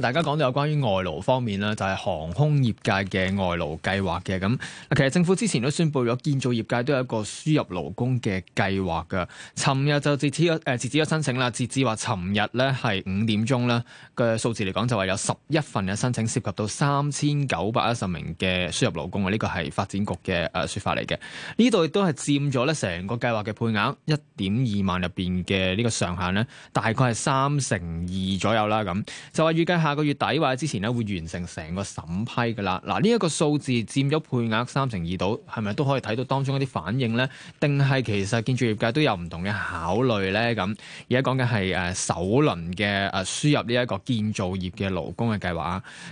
大家講到有關於外勞方面咧，就係航空業界嘅外勞計劃嘅咁。其實政府之前都宣布咗建造業界都有一個輸入勞工嘅計劃嘅。尋日就截止咗誒，截止咗申請啦。截止話尋日咧係五點鐘咧嘅數字嚟講，就話有十一份嘅申請，涉及到三千九百一十名嘅輸入勞工啊！呢個係發展局嘅誒説法嚟嘅。呢度亦都係佔咗咧成個計劃嘅配額一點二萬入邊嘅，呢個上限呢大概係三成二左右啦。咁就話預計。下個月底或者之前咧，會完成成個審批㗎喇。嗱，呢一個數字佔咗配額三成二度，係咪都可以睇到當中的一啲反應咧？定係其實建造業界都有唔同嘅考慮咧？咁而家講嘅係誒首輪嘅誒輸入呢一個建造業嘅勞工嘅計劃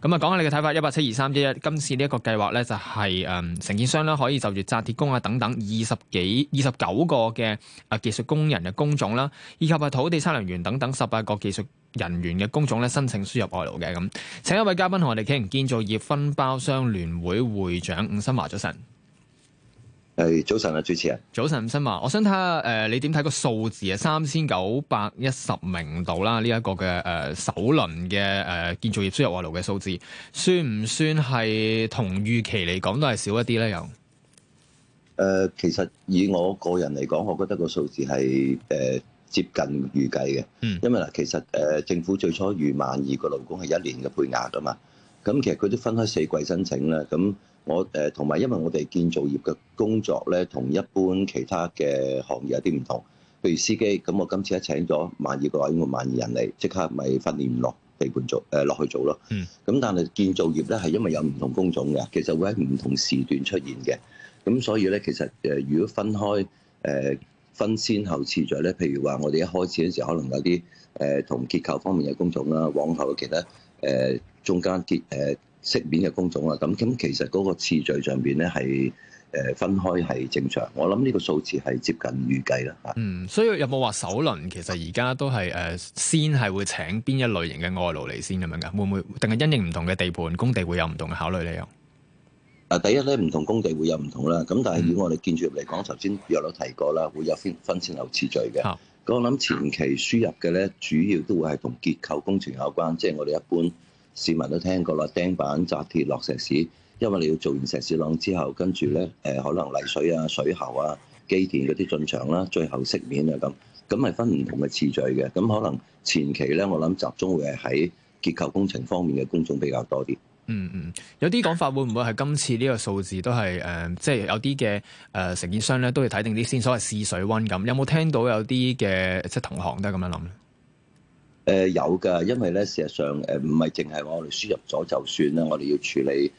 咁啊，講下你嘅睇法。一八七二三一一，今次呢一個計劃咧就係誒承建商啦，可以就住紮鐵工啊等等二十幾二十九個嘅誒技術工人嘅工種啦，以及係土地測量員等等十八個技術人員嘅工種咧，申請輸入外勞嘅。咁，請一位嘉賓同我哋傾，建造業分包商聯會會長伍新華早晨。誒，早晨啊，主持人。早晨，伍新華，我想睇下誒，你點睇個數字啊？三千九百一十名度啦，呢、這、一個嘅誒、呃、首輪嘅誒、呃、建造業輸入外勞嘅數字，算唔算係同預期嚟講都係少一啲咧？又、呃、誒，其實以我個人嚟講，我覺得個數字係誒。呃接近預計嘅。因為嗱，其實誒政府最初預萬二個勞工係一年嘅配額㗎嘛，咁其實佢都分開四季申請啦。咁我誒同埋，因為我哋建造業嘅工作咧，同一般其他嘅行業有啲唔同。譬如司機，咁我今次咧請咗萬二個，應該萬二人嚟，即刻咪訓練落地盤做誒落、呃、去做咯。咁但係建造業咧係因為有唔同工種嘅，其實會喺唔同時段出現嘅。咁所以咧，其實誒如果分開誒。呃分先後次序咧，譬如話我哋一開始嘅時候可能有啲誒、呃、同結構方面嘅工種啦，往後嘅其他誒、呃、中間結誒飾、呃、面嘅工種啦，咁咁其實嗰個次序上邊咧係誒分開係正常。我諗呢個數字係接近預計啦。嗯，所以有冇話首輪其實而家都係誒、呃、先係會請邊一類型嘅外勞嚟先咁樣㗎？會唔會定係因應唔同嘅地盤工地會有唔同嘅考慮理由？啊，第一咧唔同工地會有唔同啦，咁但係以我哋建築業嚟講，頭先約佬提過啦，會有分分先後次序嘅。咁我諗前期輸入嘅咧，主要都會係同結構工程有關，即係我哋一般市民都聽過啦，釘板、紮鐵、落石屎，因為你要做完石屎攤之後，跟住咧誒，可能泥水啊、水喉啊、機電嗰啲進場啦，最後飾面啊咁，咁係分唔同嘅次序嘅。咁可能前期咧，我諗集中會係喺結構工程方面嘅工種比較多啲。嗯嗯，有啲講法會唔會係今次呢個數字都係誒，即係有啲嘅誒，承建商咧都要睇定啲先，所謂試水溫咁。有冇聽到有啲嘅即係同行都係咁樣諗咧？誒有噶，因為咧，事實上誒唔係淨係我哋輸入咗就算啦，我哋要處理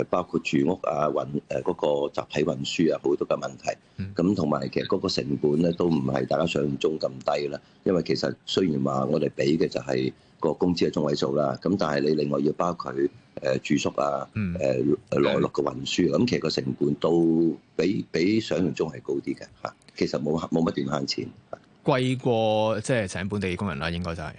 誒包括住屋啊運、誒嗰個集體運輸啊好多嘅問題，咁同埋其實嗰個成本咧都唔係大家想象中咁低啦。因為其實雖然話我哋俾嘅就係個工資嘅中位數啦，咁但係你另外要包佢。誒住宿啊，誒誒來落嘅運輸，咁其實個成本都比比想象中係高啲嘅嚇。其實冇冇乜點慳錢，啊，貴過即係、就是、請本地工人啦，應該就係、是。誒、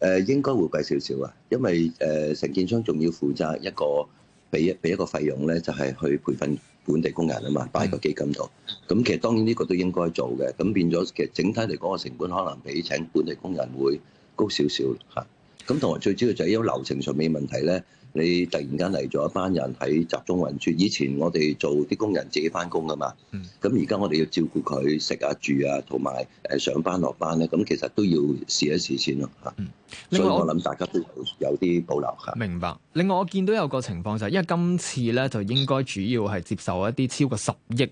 呃、應該會貴少少啊，因為誒承、呃、建商仲要負責一個俾一俾一個費用咧，就係、是、去培訓本地工人啊嘛，擺喺個基金度。咁、嗯、其實當然呢個都應該做嘅，咁變咗其實整體嚟講，個成本可能比請本地工人會高少少嚇。啊。咁同埋最主要就係因為流程上面問題咧。你突然間嚟咗一班人喺集中運輸，以前我哋做啲工人自己返工㗎嘛，咁而家我哋要照顧佢食啊住啊，同埋誒上班落班咧，咁其實都要試一試先咯嚇、嗯。所以我諗大家都有啲保留嚇。明白。另外我見到有個情況就係、是，因為今次咧就應該主要係接受一啲超過十億誒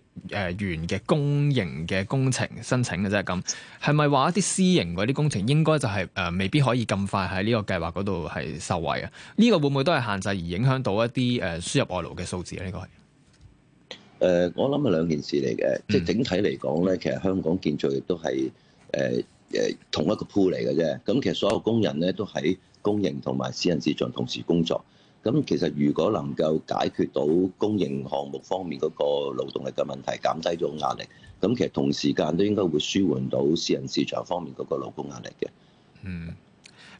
元嘅公營嘅工程申請嘅啫，咁係咪話一啲私營嗰啲工程應該就係、是呃、未必可以咁快喺呢個計劃嗰度係受惠啊？呢、呢個會唔會都係，限制而影響到一啲誒輸入外勞嘅數字咧，呢、這個係誒、呃、我諗係兩件事嚟嘅，即、嗯、係整體嚟講咧，其實香港建造亦都係誒誒同一個鋪嚟嘅啫。咁其實所有工人咧都喺公營同埋私人市場同時工作。咁其實如果能夠解決到公營項目方面嗰個勞動力嘅問題，減低咗壓力，咁其實同時間都應該會舒緩到私人市場方面嗰個勞工壓力嘅。嗯。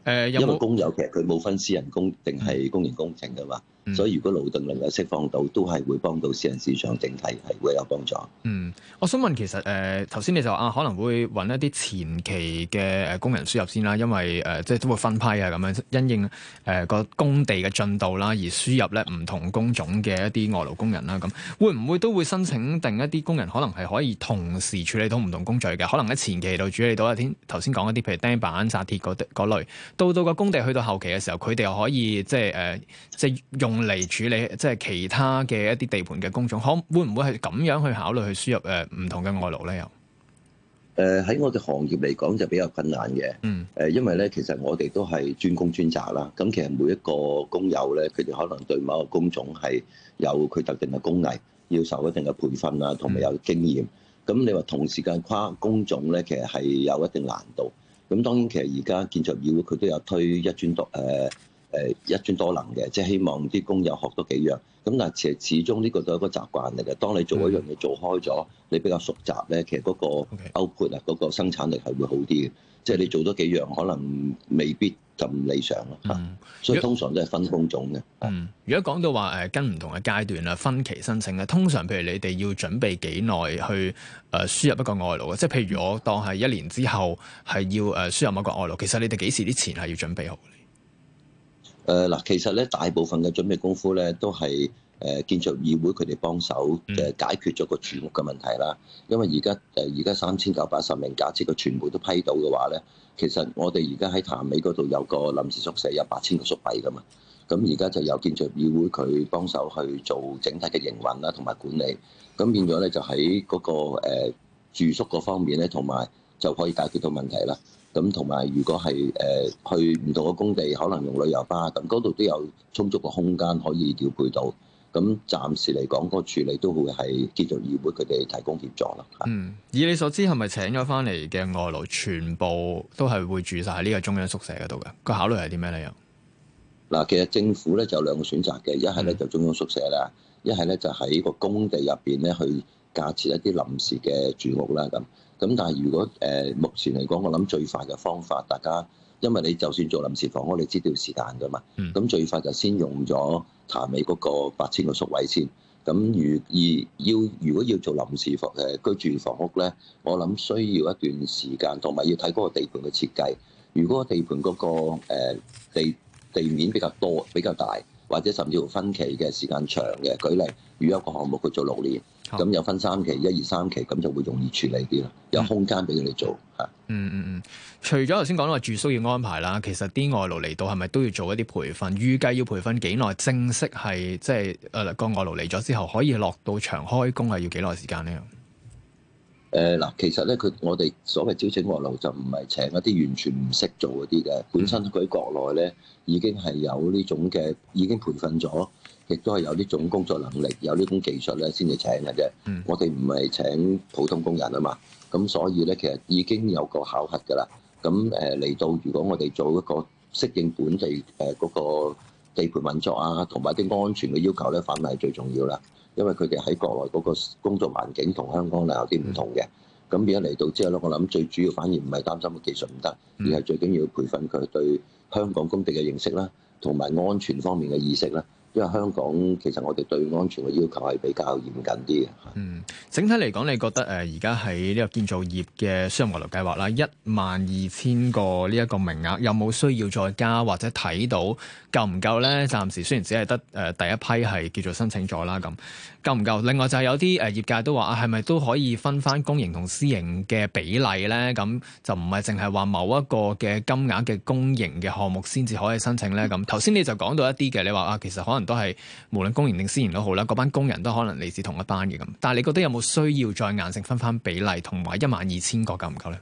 因為工友其實佢冇分私人工定係公營工程㗎嘛。所以如果勞動能夠釋放到，都係會幫到私人市場整體係會有幫助。嗯，我想問其實誒頭先你就話啊，可能會揾一啲前期嘅誒工人輸入先啦，因為誒、呃、即係都會分批啊咁樣，因應誒個、呃、工地嘅進度啦，而輸入咧唔同工種嘅一啲外勞工人啦，咁會唔會都會申請定一啲工人，可能係可以同時處理到唔同工序嘅？可能喺前期度處理到頭先講一啲，譬如釘板紮鐵嗰類，到到個工地去到後期嘅時候，佢哋又可以即係誒、呃、即係用，嚟處理即係其他嘅一啲地盤嘅工種，可會唔會係咁樣去考慮去輸入誒唔同嘅外勞咧？又誒喺我哋行業嚟講就比較困難嘅。嗯誒、呃，因為咧其實我哋都係專工專責啦。咁其實每一個工友咧，佢哋可能對某個工種係有佢特定嘅工藝，要受一定嘅培訓啊，同埋有經驗。咁、嗯、你話同時間跨工種咧，其實係有一定難度。咁當然其實而家建造業佢都有推一專多誒。呃誒、呃、一專多能嘅，即係希望啲工友學多幾樣。咁但係其實始終呢個都係一個習慣嚟嘅。當你做一樣嘢做開咗，你比較熟習咧，其實嗰個 output 啊，嗰個生產力係會好啲嘅、嗯。即係你做多幾樣，可能未必咁理想咯、嗯啊。所以通常都係分工種嘅、啊。嗯，如果講到話誒、呃、跟唔同嘅階段啦，分期申請咧，通常譬如你哋要準備幾耐去誒、呃、輸入一個外勞嘅，即係譬如我當係一年之後係要誒輸入某一個外勞，其實你哋幾時啲錢係要準備好？誒嗱，其實咧，大部分嘅準備功夫咧，都係誒建築議會佢哋幫手誒解決咗個住屋嘅問題啦。因為而家誒而家三千九百十名假設個全部都批到嘅話咧，其實我哋而家喺潭尾嗰度有個臨時宿舍，有八千個宿位㗎嘛。咁而家就由建築議會佢幫手去做整體嘅營運啦，同埋管理。咁變咗咧，就喺嗰個住宿嗰方面咧，同埋就可以解決到問題啦。咁同埋，如果係、呃、去唔同嘅工地，可能用旅遊巴，咁嗰度都有充足嘅空間可以調配到。咁暫時嚟講，個處理都會係建造業議會佢哋提供協助啦。嗯，以你所知係咪請咗翻嚟嘅外勞，全部都係會住晒喺呢個中央宿舍嗰度嘅？個考慮係啲咩理由？又嗱，其實政府咧就有兩個選擇嘅，一係咧就是中央宿舍啦，一係咧就喺個工地入邊咧去架設一啲臨時嘅住屋啦，咁。咁但係，如果誒目前嚟講，我諗最快嘅方法，大家因為你就算做臨時房屋，你知道時間㗎嘛？咁、mm. 最快就先用咗譚尾嗰個八千個宿位先。咁如而要如果要做臨時房居住房屋咧，我諗需要一段時間，同埋要睇嗰個地盤嘅設計。如果地盤嗰，嗰個地地面比較多，比較大，或者甚至乎分期嘅時間長嘅，舉例，如果一個項目佢做六年。咁又分三期，一二三期，咁就會容易處理啲啦，有空間俾佢哋做嚇。嗯嗯嗯，除咗頭先講個住宿要安排啦，其實啲外勞嚟到係咪都要做一啲培訓？預計要培訓幾耐？正式係即係誒個外勞嚟咗之後，可以落到場開工係要幾耐時間咧？誒嗱，其實咧，佢我哋所謂招請外勞就唔係請一啲完全唔識做嗰啲嘅，本身佢喺國內咧已經係有呢種嘅，已經培訓咗。亦都係有呢種工作能力，有呢種技術咧，先至請嘅啫。我哋唔係請普通工人啊嘛，咁所以咧，其實已經有個考核㗎啦。咁誒嚟到，如果我哋做一個適應本地誒嗰個地盤運作啊，同埋啲安全嘅要求咧，反而係最重要啦。因為佢哋喺國內嗰個工作環境同香港咧有啲唔同嘅。咁而家嚟到之後咧，我諗最主要反而唔係擔心個技術唔得，而係最緊要培訓佢對香港工地嘅認識啦，同埋安全方面嘅意識啦。因為香港其實我哋對安全嘅要求係比較嚴謹啲嘅。嗯，整體嚟講，你覺得誒而家喺呢個建造業嘅輸入勞工計劃啦，一萬二千個呢一個名額，有冇需要再加或者睇到夠唔夠咧？暫時雖然只係得、呃、第一批係叫做申請咗啦，咁夠唔夠？另外就係有啲誒業界都話啊，係咪都可以分翻公營同私營嘅比例咧？咁就唔係淨係話某一個嘅金額嘅公營嘅項目先至可以申請咧？咁頭先你就講到一啲嘅，你話啊，其實可能。都係無論公營定私營都好啦，嗰班工人都可能嚟自同一班嘅咁。但係你覺得有冇需要再硬性分翻比例同埋一萬二千個夠唔夠呢？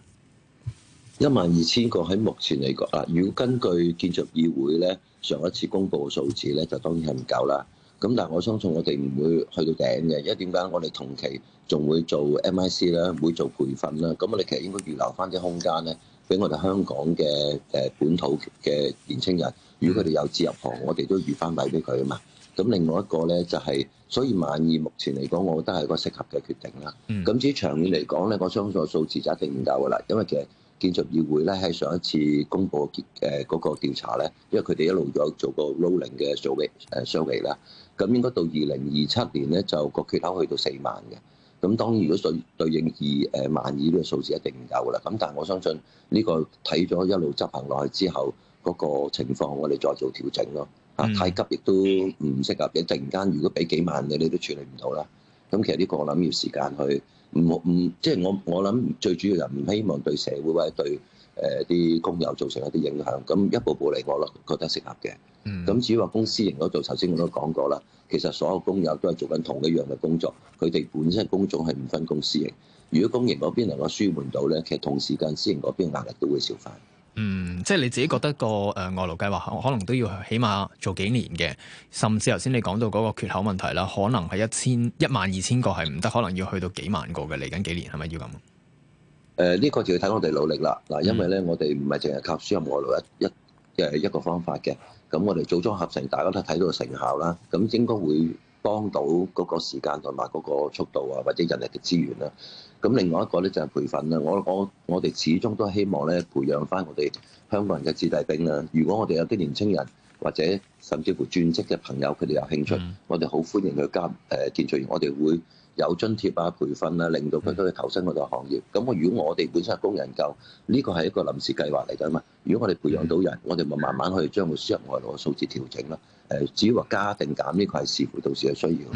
一萬二千個喺目前嚟講啊，如果根據建築議會咧上一次公布嘅數字咧，就當然係唔夠啦。咁但係我相信我哋唔會去到頂嘅，因為點解我哋同期仲會做 MIC 啦，會做培訓啦，咁我哋其實應該預留翻啲空間咧。俾我哋香港嘅本土嘅年青人，如果佢哋有志入行，我哋都預翻位俾佢啊嘛。咁另外一個咧就係、是，所以萬二目前嚟講，我覺得係個適合嘅決定啦。咁至於長遠嚟講咧，我相信數字就一定唔夠㗎啦。因為其實建築議會咧喺上一次公布嘅嗰個調查咧，因為佢哋一路有做個 rolling 嘅 survey 啦。咁應該到二零二七年咧，就個缺口去到四萬嘅。咁當然，如果對對應二誒萬二呢個數字一定唔夠啦。咁，但我相信呢個睇咗一路執行落去之後嗰個情況，我哋再做調整咯。啊太急亦都唔適合嘅。突然間，如果俾幾萬你，你都處理唔到啦。咁其實呢個我諗要時間去，唔唔，即係我我諗最主要就唔希望對社會或者對。誒、呃、啲工友造成一啲影響，咁一步步嚟我咯，覺得適合嘅。咁、嗯、至於話公司營嗰度，頭先我都講過啦，其實所有工友都係做緊同一樣嘅工作，佢哋本身工種係唔分公司營。如果公營嗰邊能夠舒緩到咧，其實同時間私營嗰邊壓力都會少返。嗯，即係你自己覺得、嗰個誒外勞計劃可能都要起碼做幾年嘅，甚至頭先你講到嗰個缺口問題啦，可能係一千一萬二千個係唔得，可能要去到幾萬個嘅，嚟緊幾年係咪要咁？誒、這、呢個就要睇我哋努力啦。嗱，因為咧，我哋唔係淨係靠輸入外來一一嘅一個方法嘅。咁我哋組裝合成，大家都睇到成效啦。咁應該會幫到嗰個時間同埋嗰個速度啊，或者人力嘅資源啦。咁另外一個咧就係培訓啦。我我我哋始終都希望咧，培養翻我哋香港人嘅子弟兵啦。如果我哋有啲年青人或者甚至乎轉職嘅朋友，佢哋有興趣，嗯、我哋好歡迎佢加入建造業，我哋會。有津貼啊、培訓啊，令到佢都去投身嗰個行業。咁我如果我哋本身係工人夠，呢個係一個臨時計劃嚟㗎嘛。如果我哋培養到人，嗯、我哋咪慢慢去將個輸入外勞嘅數字調整咯。誒、呃，至於話加定減呢、這個係視乎到時嘅需要。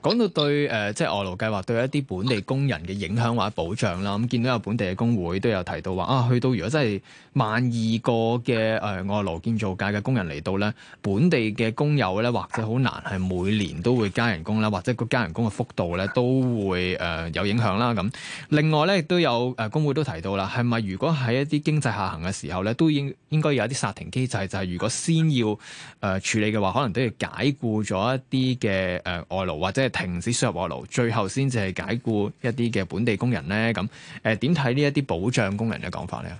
講、嗯、到對誒，即係外勞計劃對一啲本地工人嘅影響或者保障啦。咁、嗯、見到有本地嘅工會都有提到話啊，去到如果真係萬二個嘅、呃、外勞建造界嘅工人嚟到咧，本地嘅工友咧或者好難係每年都會加人工啦，或者個加人工嘅幅度咧都會、呃、有影響啦咁。另外咧亦都有、呃、工會都提到啦，係咪如果喺一啲經濟下行嘅時候咧？都應應該有一啲殺停機制，就係、是、如果先要誒、呃、處理嘅話，可能都要解雇咗一啲嘅誒外勞或者係停止輸入外勞，最後先至係解雇一啲嘅本地工人咧。咁誒點睇呢一啲保障工人嘅講法咧？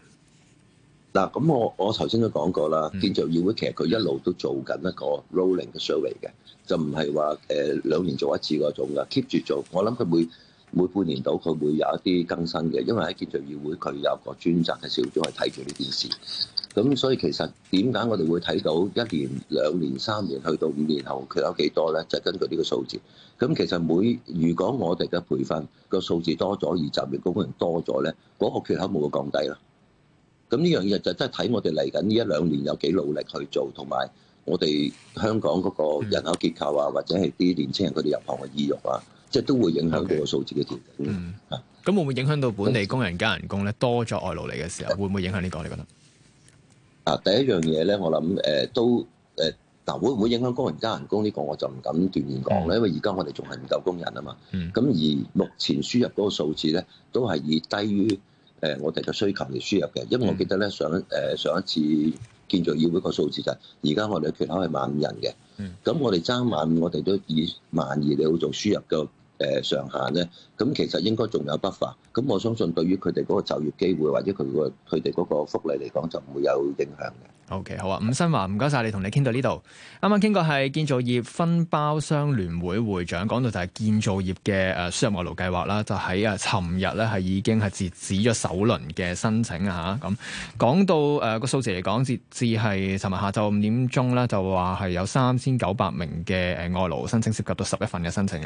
嗱，咁我我頭先都講過啦，建造業議會其實佢一路都做緊一個 rolling 嘅 survey 嘅，就唔係話誒兩年做一次嗰種噶，keep 住做，我諗佢會。每半年度佢會有一啲更新嘅，因為喺建造業議會佢有個專責嘅小組去睇住呢件事。咁所以其實點解我哋會睇到一年、兩年、三年去到五年後缺口幾多咧？就係根據呢個數字。咁其實每如果我哋嘅培訓個數字多咗，二級建築業工人多咗咧，嗰個缺口冇會降低啦。咁呢樣嘢就真係睇我哋嚟緊呢一兩年有幾努力去做，同埋我哋香港嗰個人口結構啊，或者係啲年輕人佢哋入行嘅意欲啊。即係都會影響到個數字嘅調整。嗯，咁會唔會影響到本地工人加人工咧？多咗外勞嚟嘅時候，會唔會影響呢、這個？你覺得？啊，第一樣嘢咧，我諗誒、呃、都誒，嗱、呃、會唔會影響工人加人工呢、這個？我就唔敢斷言講咧，因為而家我哋仲係唔夠工人啊嘛。咁、嗯、而目前輸入嗰個數字咧，都係以低於誒我哋嘅需求嚟輸入嘅。因為我記得咧上誒上一次建造業議會個數字就係、是，而家我哋嘅缺口係萬五人嘅。咁、嗯嗯、我哋爭萬五，我哋都以萬二嚟去做輸入嘅。誒上限咧，咁其實應該仲有 buffer。咁。我相信對於佢哋嗰個就業機會，或者佢個佢哋嗰個福利嚟講，就唔會有影響嘅。OK，好啊，伍新華，唔該晒你,你，同你傾到呢度。啱啱傾過係建造業分包商聯會會,會長講到就係建造業嘅誒輸入外勞計劃啦，就喺啊，尋日咧係已經係截止咗首輪嘅申請啊。嚇咁講到誒個數字嚟講，截至係尋日下晝五點鐘啦，就話係有三千九百名嘅誒外勞申請，申請涉及到十一份嘅申請嘅。